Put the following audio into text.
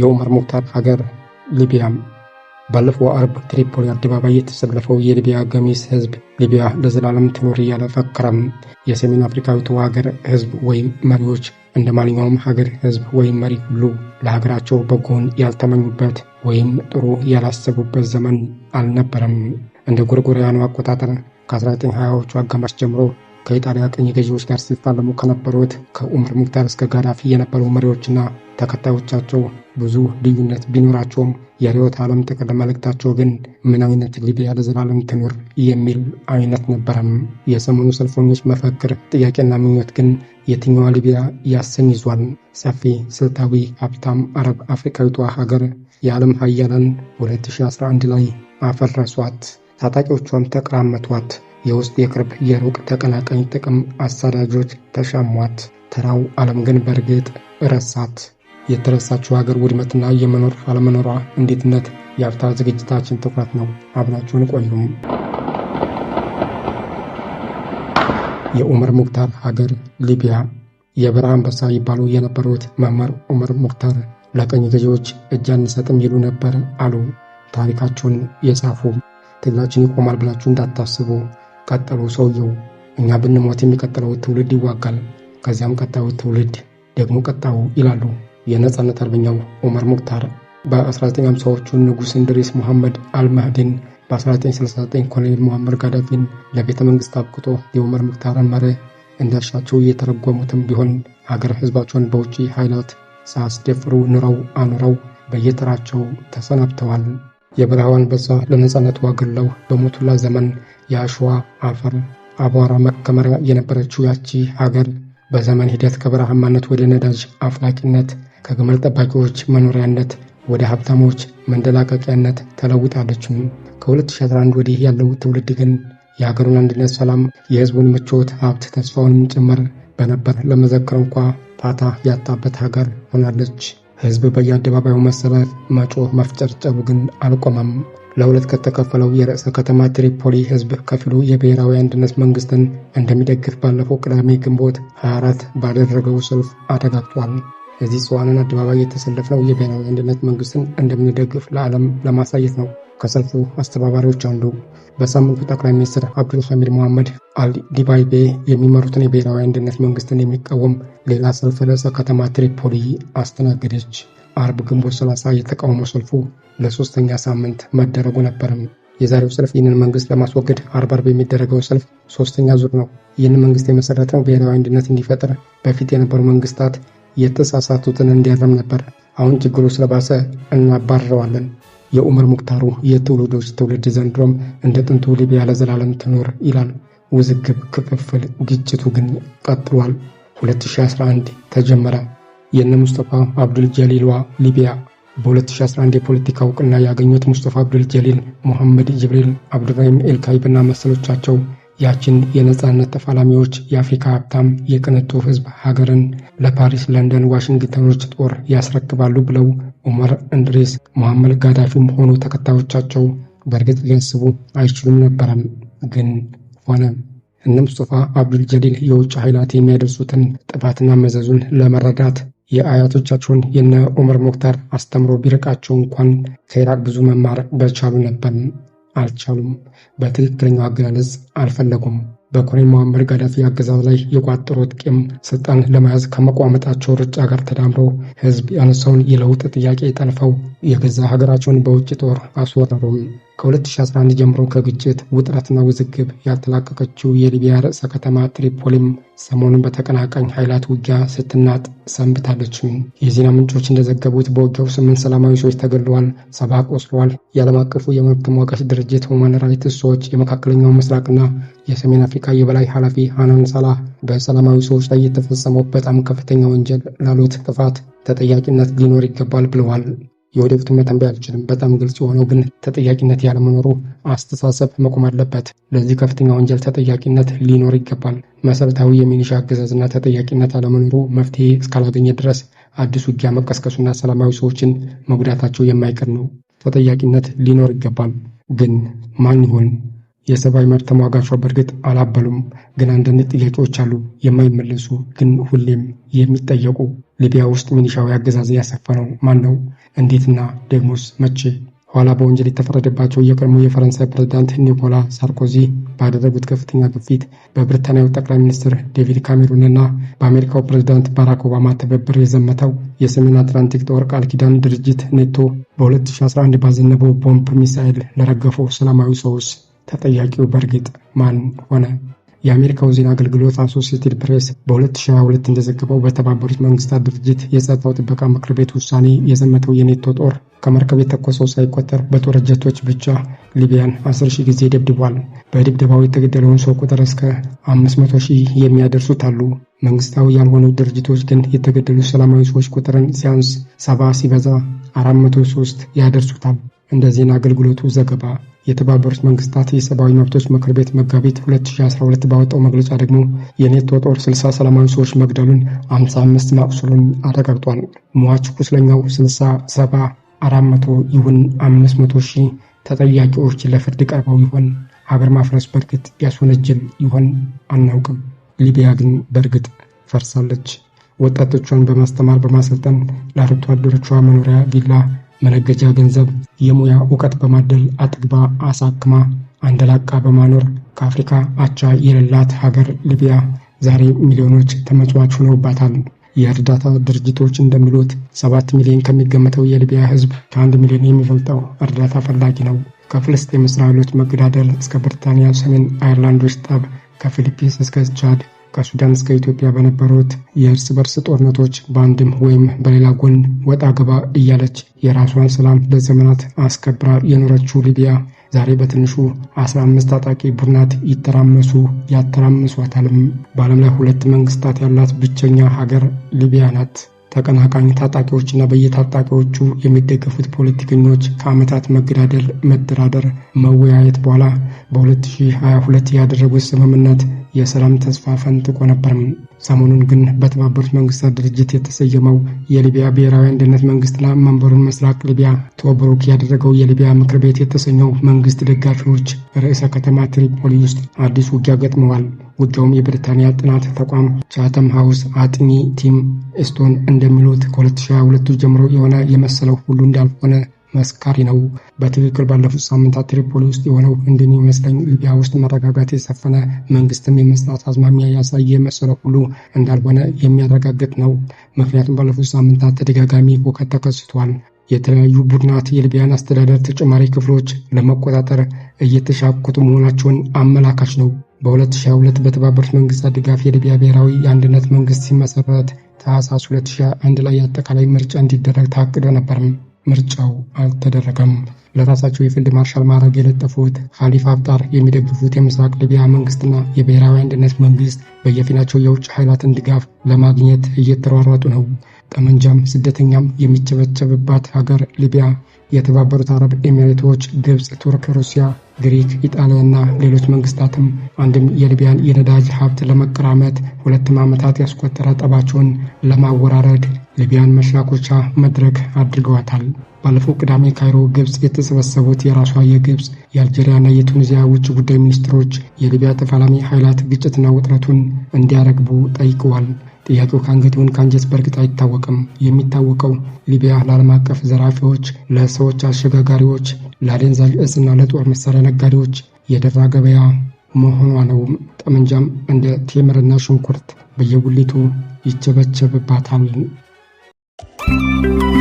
የኦማር ሙክታር ሀገር ሊቢያም ባለፈው አርብ ትሪፖሊ አደባባይ የተሰለፈው የሊቢያ ገሚስ ህዝብ ሊቢያ ለዘላለም ትኖር እያለ ፈከረም። የሰሜን አፍሪካዊቱ ሀገር ህዝብ ወይም መሪዎች እንደ ማንኛውም ሀገር ህዝብ ወይም መሪ ሁሉ ለሀገራቸው በጎን ያልተመኙበት ወይም ጥሩ ያላሰቡበት ዘመን አልነበረም። እንደ ጎርጎሪያኑ አቆጣጠር ከ1920ዎቹ አጋማሽ ጀምሮ ከኢጣሊያ ቅኝ ገዢዎች ጋር ሲፋለሙ ከነበሩት ከኡመር ሙክታር እስከ ጋዳፊ የነበሩ መሪዎችና ተከታዮቻቸው ብዙ ልዩነት ቢኖራቸውም የርዕዮተ ዓለም ጥቅል መልእክታቸው ግን ምን አይነት ሊቢያ ለዘላለም ትኖር የሚል አይነት ነበረም። የሰሞኑ ሰልፈኞች መፈክር ጥያቄና ምኞት ግን የትኛዋ ሊቢያ ያሰኝ ይዟል። ሰፊ፣ ስልታዊ፣ ሀብታም አረብ አፍሪካዊቷ ሀገር የዓለም ሀያላን 2011 ላይ አፈረሷት። ታጣቂዎቿም ተቀራመቷት። የውስጥ የቅርብ የሩቅ ተቀናቃኝ ጥቅም አሳዳጆች ተሻሟት። ተራው ዓለም ግን በእርግጥ ረሳት። የተረሳችው ሀገር ውድመትና የመኖር አለመኖሯ እንዴትነት የአፍታ ዝግጅታችን ትኩረት ነው። አብራችሁን ቆዩም። የኡመር ሙክታር ሀገር ሊቢያ። የበረሃ አንበሳ ይባሉ የነበሩት መምህር ኡመር ሙክታር ለቀኝ ገዢዎች እጅ አንሰጥም ይሉ ነበር አሉ። ታሪካቸውን የጻፉ ትግላችን ይቆማል ብላችሁ እንዳታስቡ ቀጠሉ ሰውየው። እኛ ብንሞት የሚቀጥለው ትውልድ ይዋጋል፣ ከዚያም ቀጣዩ ትውልድ ደግሞ ቀጣዩ ይላሉ። የነፃነት አርበኛው ኦመር ሙክታር በ1950ዎቹ ንጉሥ እንድሪስ ሙሐመድ አልማህዲን በ1969 ኮሎኔል ሙሐመድ ጋዳፊን ለቤተ መንግሥት አብቅቶ የኦመር ሙክታርን መሪ እንዳሻቸው እየተረጎሙትም ቢሆን ሀገር ሕዝባቸውን በውጭ ኃይላት ሳያስደፍሩ ኑረው አኑረው በየተራቸው ተሰናብተዋል። የበረሃው አንበሳ ለነፃነት ዋግለው በሞቱላ ዘመን የአሸዋ አፈር አቧራ መከመሪያ የነበረችው ያቺ ሀገር በዘመን ሂደት ከበረሃማነት ወደ ነዳጅ አፍላቂነት፣ ከግመል ጠባቂዎች መኖሪያነት ወደ ሀብታሞች መንደላቀቂያነት ተለውጣለችም። ከ2011 ወዲህ ያለው ትውልድ ግን የሀገሩን አንድነት፣ ሰላም፣ የህዝቡን ምቾት፣ ሀብት፣ ተስፋውንም ጭምር በነበር ለመዘክር እንኳ ፋታ ያጣበት ሀገር ሆናለች። ህዝብ በየአደባባዩ መሰለፍ፣ መጮህ፣ መፍጨርጨሩ ግን አልቆመም። ለሁለት ከተከፈለው የርዕሰ ከተማ ትሪፖሊ ህዝብ ከፊሉ የብሔራዊ አንድነት መንግስትን እንደሚደግፍ ባለፈው ቅዳሜ ግንቦት 24 ባደረገው ሰልፍ አረጋግጧል። እዚህ ጽዋንን አደባባይ የተሰለፍነው የብሔራዊ አንድነት መንግስትን እንደምንደግፍ ለዓለም ለማሳየት ነው። ከሰልፉ አስተባባሪዎች አንዱ በሳምንቱ ጠቅላይ ሚኒስትር አብዱልሐሚድ መሐመድ አልዲባይቤ የሚመሩትን የብሔራዊ አንድነት መንግስትን የሚቃወም ሌላ ሰልፍ ርዕሰ ከተማ ትሪፖሊ አስተናገደች። አርብ ግንቦት 30 የተቃውሞ ሰልፉ ለሶስተኛ ሳምንት መደረጉ ነበርም። የዛሬው ሰልፍ ይህንን መንግስት ለማስወገድ አርብ አርብ የሚደረገው ሰልፍ ሶስተኛ ዙር ነው። ይህንን መንግስት የመሰረተው ብሔራዊ አንድነት እንዲፈጥር በፊት የነበሩ መንግስታት የተሳሳቱትን እንዲያረም ነበር። አሁን ችግሩ ስለባሰ እናባርረዋለን። የኡመር ሙክታሩ የትውልዶች ትውልድ ዘንድሮም እንደ ጥንቱ ሊቢያ ለዘላለም ትኖር ይላል። ውዝግብ፣ ክፍፍል፣ ግጭቱ ግን ቀጥሏል። 2011 ተጀመረ። የነ ሙስጠፋ አብዱል ጀሊልዋ ሊቢያ በ2011 የፖለቲካ እውቅና ያገኙት ሙስጠፋ አብዱል ጀሊል፣ ሞሐመድ ጅብሪል፣ አብዱራሂም ና መሰሎቻቸው ያችን የነፃነት ተፋላሚዎች የአፍሪካ ሀብታም የቅንጡ ህዝብ ሀገርን ለፓሪስ፣ ለንደን፣ ዋሽንግተኖች ጦር ያስረክባሉ ብለው ኡመር እንድሪስ፣ መሐመድ ጋዳፊም ሆኑ ተከታዮቻቸው በእርግጥ ሊያስቡ አይችሉም ነበረም፣ ግን ሆነ። እነ ሙስጠፋ አብዱል ጀሊል የውጭ ኃይላት የሚያደርሱትን ጥፋትና መዘዙን ለመረዳት የአያቶቻቸውን የነ ዑመር ሞክታር አስተምሮ ቢርቃቸው እንኳን ከኢራቅ ብዙ መማር በቻሉ ነበር። አልቻሉም። በትክክለኛው አገላለጽ አልፈለጉም። በኮሎኔል ሙአመር ጋዳፊ አገዛዝ ላይ የቋጠሩት ቂም ስልጣን ለመያዝ ከመቋመጣቸው ሩጫ ጋር ተዳምሮ ህዝብ ያነሳውን የለውጥ ጥያቄ ጠልፈው የገዛ ሀገራቸውን በውጭ ጦር አስወረሩ። ከ2011 ጀምሮ ከግጭት ውጥረትና ውዝግብ ያልተላቀቀችው የሊቢያ ርዕሰ ከተማ ትሪፖሊም ሰሞኑን በተቀናቃኝ ኃይላት ውጊያ ስትናጥ ሰንብታለች። የዜና ምንጮች እንደዘገቡት በውጊያው ስምንት ሰላማዊ ሰዎች ተገድለዋል፣ ሰባ ቆስለዋል። የዓለም አቀፉ የመብት ተሟጋች ድርጅት ሁማን ራይትስ ሰዎች የመካከለኛው ምስራቅና የሰሜን አፍሪካ የበላይ ኃላፊ ሃናን ሳላህ በሰላማዊ ሰዎች ላይ የተፈጸመው በጣም ከፍተኛ ወንጀል ላሉት ጥፋት ተጠያቂነት ሊኖር ይገባል ብለዋል። የወደፊቱ መተንበይ አልችልም። በጣም ግልጽ የሆነው ግን ተጠያቂነት ያለመኖሩ አስተሳሰብ መቆም አለበት። ለዚህ ከፍተኛ ወንጀል ተጠያቂነት ሊኖር ይገባል። መሰረታዊ የሚኒሻ አገዛዝና ተጠያቂነት አለመኖሩ መፍትሄ እስካላገኘ ድረስ አዲስ ውጊያ መቀስቀሱና ሰላማዊ ሰዎችን መጉዳታቸው የማይቀር ነው። ተጠያቂነት ሊኖር ይገባል። ግን ማን ይሆን? የሰብአዊ መብት ተሟጋቿ በእርግጥ አላበሉም። ግን አንዳንድ ጥያቄዎች አሉ የማይመለሱ ግን ሁሌም የሚጠየቁ ሊቢያ ውስጥ ሚሊሻዊ አገዛዝ ያሰፈነው ማን ነው? እንዴትና ደግሞስ መቼ? ኋላ በወንጀል የተፈረደባቸው የቀድሞ የፈረንሳይ ፕሬዚዳንት ኒኮላ ሳርኮዚ ባደረጉት ከፍተኛ ግፊት በብሪታንያው ጠቅላይ ሚኒስትር ዴቪድ ካሜሩንና በአሜሪካው ፕሬዚዳንት ባራክ ኦባማ ትብብር የዘመተው የሰሜን አትላንቲክ ጦር ቃል ኪዳን ድርጅት ኔቶ በ2011 ባዘነበው ቦምብ ሚሳኤል ለረገፈው ሰላማዊ ሰዎች ተጠያቂው በእርግጥ ማን ሆነ? የአሜሪካው ዜና አገልግሎት አሶሲኤትድ ፕሬስ በ2022 እንደዘገበው በተባበሩት መንግስታት ድርጅት የጸጥታው ጥበቃ ምክር ቤት ውሳኔ የዘመተው የኔቶ ጦር ከመርከብ የተኮሰው ሳይቆጠር በጦር ጀቶች ብቻ ሊቢያን 10 ሺህ ጊዜ ደብድቧል። በድብደባው የተገደለውን ሰው ቁጥር እስከ 500 ሺህ የሚያደርሱት አሉ። መንግስታዊ ያልሆኑ ድርጅቶች ግን የተገደሉ ሰላማዊ ሰዎች ቁጥርን ሲያንስ ሰ7 ሲበዛ 403 ያደርሱታል። እንደ ዜና አገልግሎቱ ዘገባ የተባበሩት መንግስታት የሰብአዊ መብቶች ምክር ቤት መጋቢት 2012 ባወጣው መግለጫ ደግሞ የኔቶ ጦር 60 ሰላማዊ ሰዎች መግደሉን፣ 55 ማቁሰሉን አረጋግጧል። ሟች ቁስለኛው 60፣ 70፣ 400 ይሁን 500 ሺህ ተጠያቂዎች ለፍርድ ቀርበው ይሆን? ሀገር ማፍረስ በእርግጥ ያስወነጀል ይሆን? አናውቅም። ሊቢያ ግን በእርግጥ ፈርሳለች። ወጣቶቿን በማስተማር በማሰልጠን ለአርብቶ አደሮቿ መኖሪያ ቪላ መነገጃ ገንዘብ፣ የሙያ እውቀት በማደል አጥግባ አሳክማ አንደላቃ በማኖር ከአፍሪካ አቻ የሌላት ሀገር ሊቢያ ዛሬ ሚሊዮኖች ተመጽዋች ሆነውባታል። የእርዳታ ድርጅቶች እንደሚሉት ሰባት ሚሊዮን ከሚገመተው የሊቢያ ሕዝብ ከአንድ ሚሊዮን የሚበልጠው እርዳታ ፈላጊ ነው። ከፍልስጤም እስራኤሎች መገዳደል እስከ ብሪታንያ ሰሜን አየርላንዶች ጠብ፣ ከፊሊፒንስ እስከ ቻድ ከሱዳን እስከ ኢትዮጵያ በነበሩት የእርስ በርስ ጦርነቶች በአንድም ወይም በሌላ ጎን ወጣ ገባ እያለች የራሷን ሰላም ለዘመናት አስከብራ የኖረችው ሊቢያ ዛሬ በትንሹ 15 ታጣቂ ቡድናት ይተራመሱ ያተራምሷታልም። በዓለም ላይ ሁለት መንግስታት ያላት ብቸኛ ሀገር ሊቢያ ናት። ተቀናቃኝ ታጣቂዎችና በየታጣቂዎቹ የሚደገፉት ፖለቲከኞች ከዓመታት መገዳደል፣ መደራደር፣ መወያየት በኋላ በ2022 ያደረጉት ስምምነት የሰላም ተስፋ ፈንጥቆ ነበርም። ሰሞኑን ግን በተባበሩት መንግስታት ድርጅት የተሰየመው የሊቢያ ብሔራዊ አንድነት መንግስትና መንበሩን ምስራቅ ሊቢያ ቶብሩክ ያደረገው የሊቢያ ምክር ቤት የተሰኘው መንግስት ደጋፊዎች ርዕሰ ከተማ ትሪፖሊ ውስጥ አዲስ ውጊያ ገጥመዋል። ውጊያውም የብሪታንያ ጥናት ተቋም ቻተም ሃውስ አጥኚ ቲም ስቶን እንደሚሉት ከ2022 ጀምሮ የሆነ የመሰለው ሁሉ እንዳልሆነ መስካሪ ነው። በትክክል ባለፉት ሳምንታት ትሪፖሊ ውስጥ የሆነው እንደሚመስለኝ ሊቢያ ውስጥ መረጋጋት የሰፈነ መንግስትም የመስራት አዝማሚያ ያሳየ መሰለ ሁሉ እንዳልሆነ የሚያረጋግጥ ነው። ምክንያቱም ባለፉት ሳምንታት ተደጋጋሚ ሁከት ተከስቷል። የተለያዩ ቡድናት የሊቢያን አስተዳደር ተጨማሪ ክፍሎች ለመቆጣጠር እየተሻኩት መሆናቸውን አመላካች ነው። በ2022 በተባበሩት መንግስታት ድጋፍ የሊቢያ ብሔራዊ የአንድነት መንግስት ሲመሰረት ታህሳስ 2001 ላይ አጠቃላይ ምርጫ እንዲደረግ ታቅዶ ነበርም። ምርጫው አልተደረገም። ለራሳቸው የፊልድ ማርሻል ማድረግ የለጠፉት ሀሊፍ አፍጣር የሚደግፉት የምስራቅ ሊቢያ መንግስትና የብሔራዊ አንድነት መንግስት በየፊናቸው የውጭ ኃይላትን ድጋፍ ለማግኘት እየተሯሯጡ ነው። ጠመንጃም ስደተኛም የሚጨበጨብባት ሀገር ሊቢያ የተባበሩት አረብ ኤሚሬቶች፣ ግብፅ፣ ቱርክ፣ ሩሲያ፣ ግሪክ፣ ኢጣሊያ እና ሌሎች መንግስታትም አንድም የሊቢያን የነዳጅ ሀብት ለመቀራመት ሁለትም ዓመታት ያስቆጠረ ጠባቸውን ለማወራረድ ሊቢያን መሻኮቻ መድረክ አድርገዋታል። ባለፈው ቅዳሜ ካይሮ ግብፅ የተሰበሰቡት የራሷ የግብፅ የአልጄሪያና የቱኒዚያ ውጭ ጉዳይ ሚኒስትሮች የሊቢያ ተፋላሚ ኃይላት ግጭትና ውጥረቱን እንዲያረግቡ ጠይቀዋል። ጥያቄው ከአንገት ይሁን ከአንጀት በእርግጥ አይታወቅም። የሚታወቀው ሊቢያ ለዓለም አቀፍ ዘራፊዎች፣ ለሰዎች አሸጋጋሪዎች፣ ለአደንዛዥ እጽና ለጦር መሳሪያ ነጋዴዎች የደራ ገበያ መሆኗ ነው። ጠመንጃም እንደ ቴምርና ሽንኩርት በየጉሊቱ ይቸበቸብባታል። Música